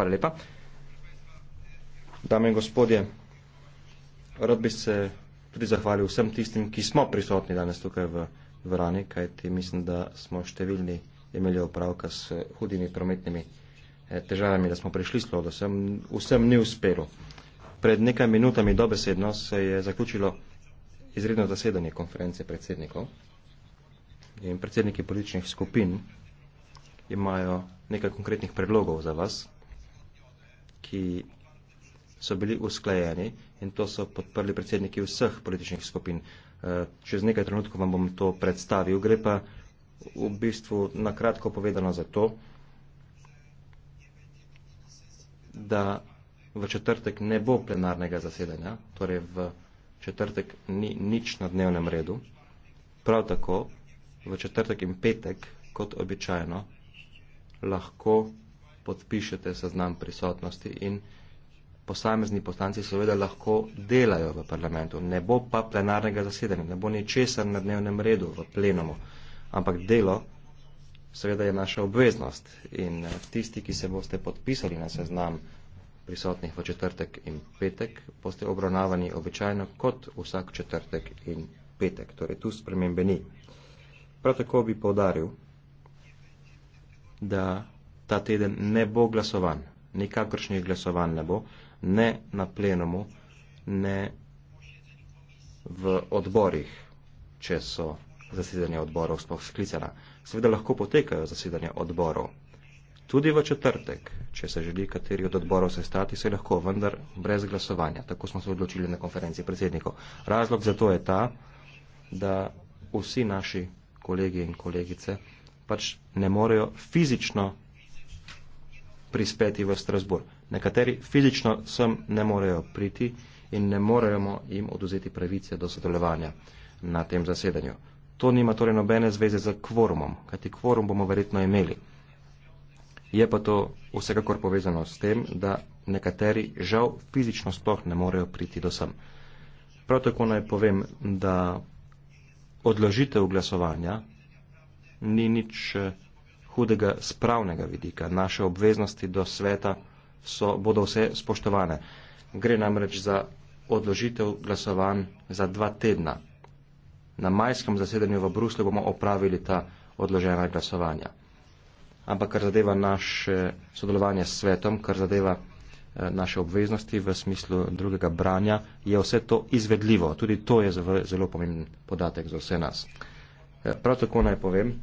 Hvala lepa. Dame in gospodje, rad bi se tudi zahvalil vsem tistim, ki smo prisotni danes tukaj v dvorani, kajti mislim, da smo številni imeli opravka s hudimi prometnimi eh, težavami, da smo prišli slo, da sem vsem ni uspelo. Pred nekaj minutami dobesedno se je zaključilo izredno zasedanje konference predsednikov in predsedniki političnih skupin imajo nekaj konkretnih predlogov za vas ki so bili usklajeni in to so podprli predsedniki vseh političnih skupin. Eh, čez nekaj trenutkov vam bom to predstavil. Gre pa v bistvu nakratko povedano za to, da v četrtek ne bo plenarnega zasedanja, torej v četrtek ni nič na dnevnem redu. Prav tako v četrtek in petek, kot običajno, lahko podpišete seznam prisotnosti in posamezni poslanci seveda lahko delajo v parlamentu. Ne bo pa plenarnega zasedanja, ne bo ničesar na dnevnem redu v plenumu, ampak delo seveda je naša obveznost in eh, tisti, ki se boste podpisali na seznam prisotnih v četrtek in petek, boste obravnavani običajno kot vsak četrtek in petek. Torej tu spremembe ni. Prav tako bi povdaril, da ta teden ne bo glasovan, nikakršnih glasovanj ne bo, ne na plenumu, ne v odborih, če so zasedanja odborov sploh sklicana. Seveda lahko potekajo zasedanja odborov. Tudi v četrtek, če se želi kateri od odborov sestati, se lahko, vendar brez glasovanja. Tako smo se odločili na konferenci predsednikov. Razlog za to je ta, da vsi naši kolegi in kolegice pač ne morejo fizično prispeti v Strasbourg. Nekateri fizično sem ne morejo priti in ne moremo jim oduzeti pravice do sodelovanja na tem zasedanju. To nima torej nobene zveze z kvorumom, kajti kvorum bomo verjetno imeli. Je pa to vsekakor povezano s tem, da nekateri žal fizično sploh ne morejo priti do sem. Prav tako naj povem, da odložitev glasovanja ni nič eh, hudega spravnega vidika. Naše obveznosti do sveta so, bodo vse spoštovane. Gre namreč za odložitev glasovanj za dva tedna. Na majskem zasedanju v Bruslju bomo opravili ta odložena glasovanja. Ampak kar zadeva naše sodelovanje s svetom, kar zadeva eh, naše obveznosti v smislu drugega branja, je vse to izvedljivo. Tudi to je zelo pomemben podatek za vse nas. Eh, prav tako naj povem,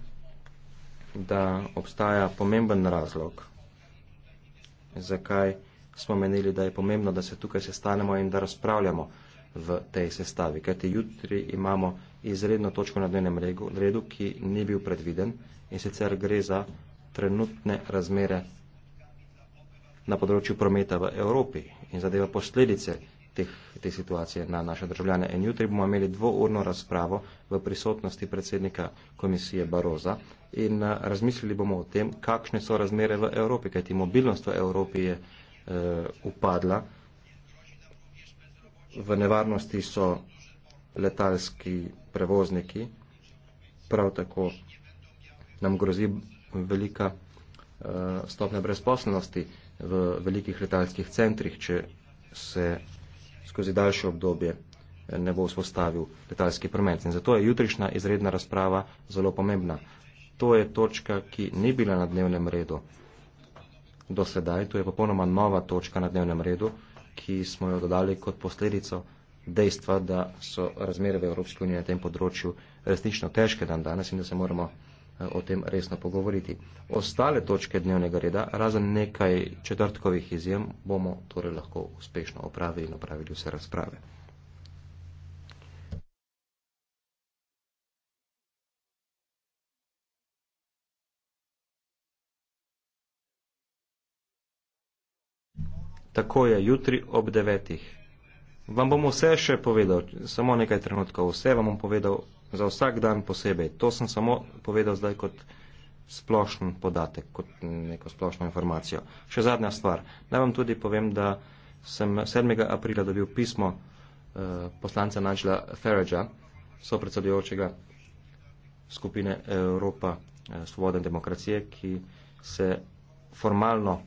da obstaja pomemben razlog, zakaj smo menili, da je pomembno, da se tukaj sestanemo in da razpravljamo v tej sestavi. Kajti jutri imamo izredno točko na dnevnem redu, ki ni bil predviden in sicer gre za trenutne razmere na področju prometa v Evropi in zadeva posledice teh, te situacije na naše državljane. In jutri bomo imeli dvourno razpravo v prisotnosti predsednika komisije Baroza in eh, razmislili bomo o tem, kakšne so razmere v Evropi, kajti mobilnost v Evropi je eh, upadla. V nevarnosti so letalski prevozniki, prav tako nam grozi velika eh, stopnja brezposlenosti v velikih letalskih centrih, če se skozi daljše obdobje eh, ne bo vzpostavil letalski promet. In zato je jutrišnja izredna razprava zelo pomembna. To je točka, ki ni bila na dnevnem redu do sedaj, to je popolnoma nova točka na dnevnem redu, ki smo jo dodali kot posledico dejstva, da so razmere v Evropski uniji na tem področju resnično težke dan danes in da se moramo. Eh, o tem resno pogovoriti. Ostale točke dnevnega reda, razen nekaj četrtkovih izjem, bomo torej lahko uspešno opravili in opravili vse razprave. Tako je, jutri ob devetih. Vam bom vse še povedal, samo nekaj trenutkov, vse vam bom povedal za vsak dan posebej. To sem samo povedal zdaj kot splošen podatek, kot neko splošno informacijo. Še zadnja stvar. Naj vam tudi povem, da sem 7. aprila dobil pismo eh, poslanca Nigela Farage'a, sopredsedujočega skupine Evropa eh, Svobode in demokracije, ki se formalno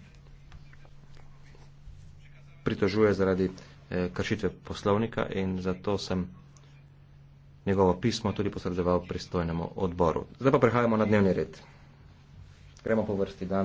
pritožuje zaradi eh, kršitve poslovnika in zato sem njegovo pismo tudi posredoval pristojnemu odboru. Zdaj pa prehajamo na dnevni red. Gremo po vrsti dan.